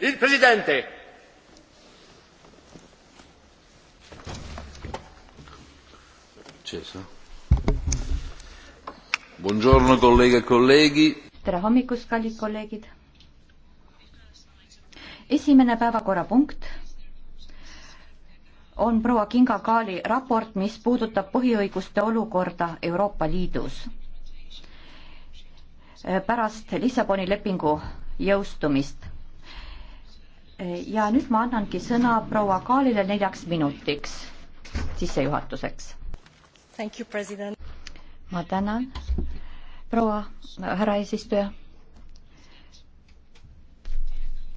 Il Presidente. Cesa. Buongiorno kolleeg ja e kolleegi. tere hommikust, kallid kolleegid. esimene päevakorrapunkt on proua Kinga Kaali raport, mis puudutab põhiõiguste olukorda Euroopa Liidus Äh, pärast Lissaboni lepingu jõustumist. ja nüüd ma annangi sõna proua Kaalile neljaks minutiks sissejuhatuseks. ma tänan, proua härra eesistuja